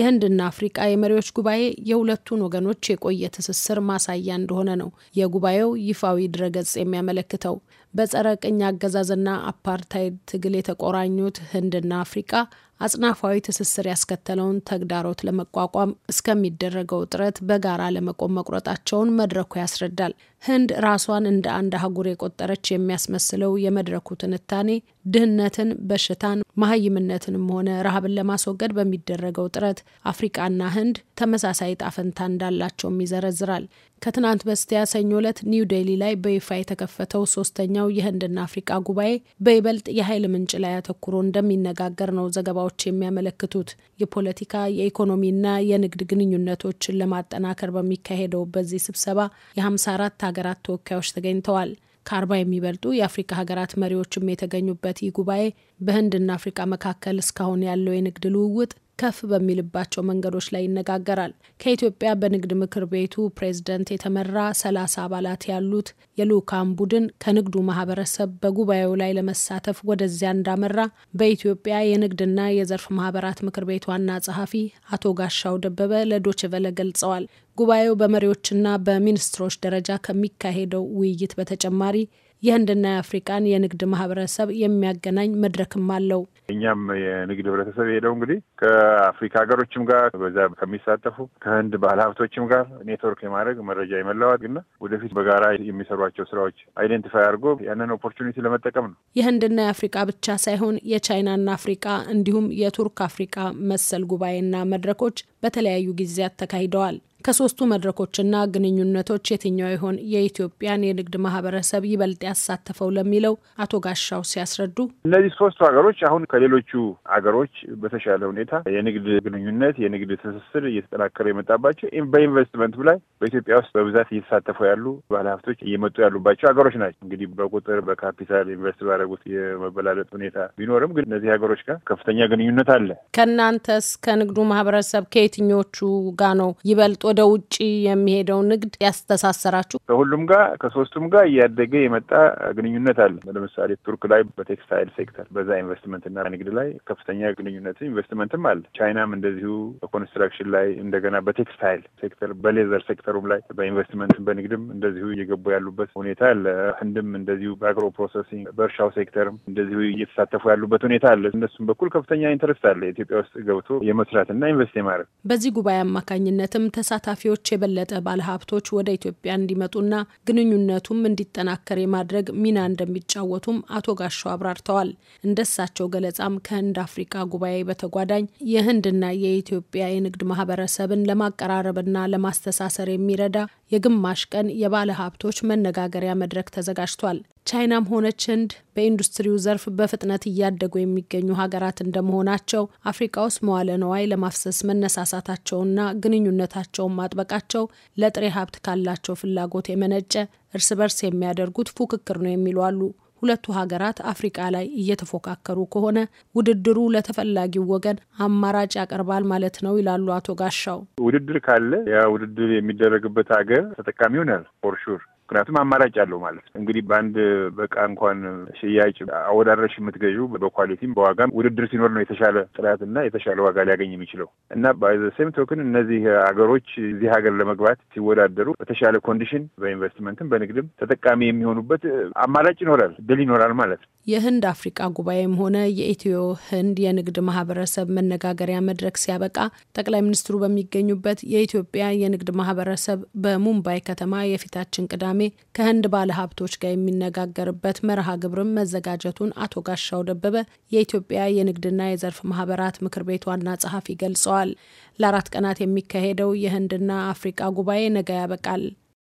የህንድና አፍሪቃ የመሪዎች ጉባኤ የሁለቱን ወገኖች የቆየ ትስስር ማሳያ እንደሆነ ነው የጉባኤው ይፋዊ ድረገጽ የሚያመለክተው። በጸረ ቅኝ አገዛዝና አፓርታይድ ትግል የተቆራኙት ህንድና አፍሪቃ አጽናፋዊ ትስስር ያስከተለውን ተግዳሮት ለመቋቋም እስከሚደረገው ጥረት በጋራ ለመቆም መቁረጣቸውን መድረኩ ያስረዳል። ህንድ ራሷን እንደ አንድ አህጉር የቆጠረች የሚያስመስለው የመድረኩ ትንታኔ ድህነትን፣ በሽታን፣ መሀይምነትንም ሆነ ረሃብን ለማስወገድ በሚደረገው ጥረት አፍሪቃና ህንድ ተመሳሳይ ጣፈንታ እንዳላቸውም ይዘረዝራል። ከትናንት በስቲያ ሰኞ ዕለት ኒው ዴሊ ላይ በይፋ የተከፈተው ሶስተኛው የሚገኘው የህንድና አፍሪቃ ጉባኤ በይበልጥ የኃይል ምንጭ ላይ አተኩሮ እንደሚነጋገር ነው ዘገባዎች የሚያመለክቱት። የፖለቲካ የኢኮኖሚና የንግድ ግንኙነቶችን ለማጠናከር በሚካሄደው በዚህ ስብሰባ የ54 ሀገራት ተወካዮች ተገኝተዋል። ከአርባ የሚበልጡ የአፍሪካ ሀገራት መሪዎችም የተገኙበት ይህ ጉባኤ በህንድና አፍሪቃ መካከል እስካሁን ያለው የንግድ ልውውጥ ከፍ በሚልባቸው መንገዶች ላይ ይነጋገራል። ከኢትዮጵያ በንግድ ምክር ቤቱ ፕሬዝደንት የተመራ ሰላሳ አባላት ያሉት የልኡካን ቡድን ከንግዱ ማህበረሰብ በጉባኤው ላይ ለመሳተፍ ወደዚያ እንዳመራ በኢትዮጵያ የንግድና የዘርፍ ማህበራት ምክር ቤት ዋና ጸሐፊ አቶ ጋሻው ደበበ ለዶችቨለ ገልጸዋል። ጉባኤው በመሪዎችና በሚኒስትሮች ደረጃ ከሚካሄደው ውይይት በተጨማሪ የህንድና የአፍሪቃን የንግድ ማህበረሰብ የሚያገናኝ መድረክም አለው። እኛም የንግድ ህብረተሰብ የሄደው እንግዲህ ከአፍሪካ ሀገሮችም ጋር በዛ ከሚሳተፉ ከህንድ ባለ ሀብቶችም ጋር ኔትወርክ የማድረግ መረጃ የመለዋወጥ እና ወደፊት በጋራ የሚሰሯቸው ስራዎች አይዴንቲፋይ አድርጎ ያንን ኦፖርቹኒቲ ለመጠቀም ነው። የህንድና የአፍሪቃ ብቻ ሳይሆን የቻይናና አፍሪቃ እንዲሁም የቱርክ አፍሪቃ መሰል ጉባኤና መድረኮች በተለያዩ ጊዜያት ተካሂደዋል። ከሶስቱ መድረኮችና ግንኙነቶች የትኛው ይሆን የኢትዮጵያን የንግድ ማህበረሰብ ይበልጥ ያሳተፈው ለሚለው አቶ ጋሻው ሲያስረዱ እነዚህ ሶስቱ ሀገሮች አሁን ከሌሎቹ ሀገሮች በተሻለ ሁኔታ የንግድ ግንኙነት፣ የንግድ ትስስር እየተጠናከረ የመጣባቸው በኢንቨስትመንቱ ላይ በኢትዮጵያ ውስጥ በብዛት እየተሳተፉ ያሉ ባለሀብቶች እየመጡ ያሉባቸው ሀገሮች ናቸው። እንግዲህ በቁጥር በካፒታል ኢንቨስት ባደረጉት የመበላለጥ ሁኔታ ቢኖርም ግን እነዚህ ሀገሮች ጋር ከፍተኛ ግንኙነት አለ። ከእናንተስ ከንግዱ ማህበረሰብ ከየትኞቹ ጋር ነው ይበልጥ ወደ ውጭ የሚሄደው ንግድ ያስተሳሰራችሁ? ከሁሉም ጋር ከሶስቱም ጋር እያደገ የመጣ ግንኙነት አለ። ለምሳሌ ቱርክ ላይ በቴክስታይል ሴክተር በዛ ኢንቨስትመንትና ንግድ ላይ ከፍተኛ ግንኙነት ኢንቨስትመንትም አለ። ቻይናም እንደዚሁ በኮንስትራክሽን ላይ እንደገና በቴክስታይል ሴክተር በሌዘር ሴክተር በሴክተሩም ላይ በኢንቨስትመንትም በንግድም እንደዚሁ እየገቡ ያሉበት ሁኔታ አለ። ህንድም እንደዚሁ በአግሮ ፕሮሰሲንግ በእርሻው ሴክተርም እንደዚሁ እየተሳተፉ ያሉበት ሁኔታ አለ። እነሱም በኩል ከፍተኛ ኢንተረስት አለ ኢትዮጵያ ውስጥ ገብቶ የመስራትና ኢንቨስት የማድረግ። በዚህ ጉባኤ አማካኝነትም ተሳታፊዎች የበለጠ ባለሀብቶች ወደ ኢትዮጵያ እንዲመጡና ግንኙነቱም እንዲጠናከር የማድረግ ሚና እንደሚጫወቱም አቶ ጋሻው አብራርተዋል። እንደሳቸው ገለጻም ከህንድ አፍሪካ ጉባኤ በተጓዳኝ የህንድና የኢትዮጵያ የንግድ ማህበረሰብን ለማቀራረብና ለማስተሳሰር የሚረዳ የግማሽ ቀን የባለ ሀብቶች መነጋገሪያ መድረክ ተዘጋጅቷል። ቻይናም ሆነች ህንድ በኢንዱስትሪው ዘርፍ በፍጥነት እያደጉ የሚገኙ ሀገራት እንደመሆናቸው አፍሪካ ውስጥ መዋለ ነዋይ ለማፍሰስ መነሳሳታቸውና ግንኙነታቸውን ማጥበቃቸው ለጥሬ ሀብት ካላቸው ፍላጎት የመነጨ እርስ በርስ የሚያደርጉት ፉክክር ነው የሚሉ አሉ። ሁለቱ ሀገራት አፍሪቃ ላይ እየተፎካከሩ ከሆነ ውድድሩ ለተፈላጊው ወገን አማራጭ ያቀርባል ማለት ነው ይላሉ አቶ ጋሻው። ውድድር ካለ ያ ውድድር የሚደረግበት ሀገር ተጠቃሚ ይሆናል ፎርሹር። ምክንያቱም አማራጭ አለው ማለት ነው። እንግዲህ በአንድ በቃ እንኳን ሽያጭ አወዳድረሽ የምትገዢው በኳሊቲም በዋጋም ውድድር ሲኖር ነው የተሻለ ጥራት እና የተሻለ ዋጋ ሊያገኝ የሚችለው እና ሴም ቶክን እነዚህ ሀገሮች እዚህ ሀገር ለመግባት ሲወዳደሩ በተሻለ ኮንዲሽን በኢንቨስትመንትም በንግድም ተጠቃሚ የሚሆኑበት አማራጭ ይኖራል፣ ድል ይኖራል ማለት ነው። የህንድ አፍሪቃ ጉባኤም ሆነ የኢትዮ ህንድ የንግድ ማህበረሰብ መነጋገሪያ መድረክ ሲያበቃ ጠቅላይ ሚኒስትሩ በሚገኙበት የኢትዮጵያ የንግድ ማህበረሰብ በሙምባይ ከተማ የፊታችን ቅዳሜ ቅዳሜ ከህንድ ባለሀብቶች ጋር የሚነጋገርበት መርሃ ግብርም መዘጋጀቱን አቶ ጋሻው ደበበ የኢትዮጵያ የንግድና የዘርፍ ማህበራት ምክር ቤት ዋና ጸሐፊ ገልጸዋል። ለአራት ቀናት የሚካሄደው የህንድና አፍሪቃ ጉባኤ ነገ ያበቃል።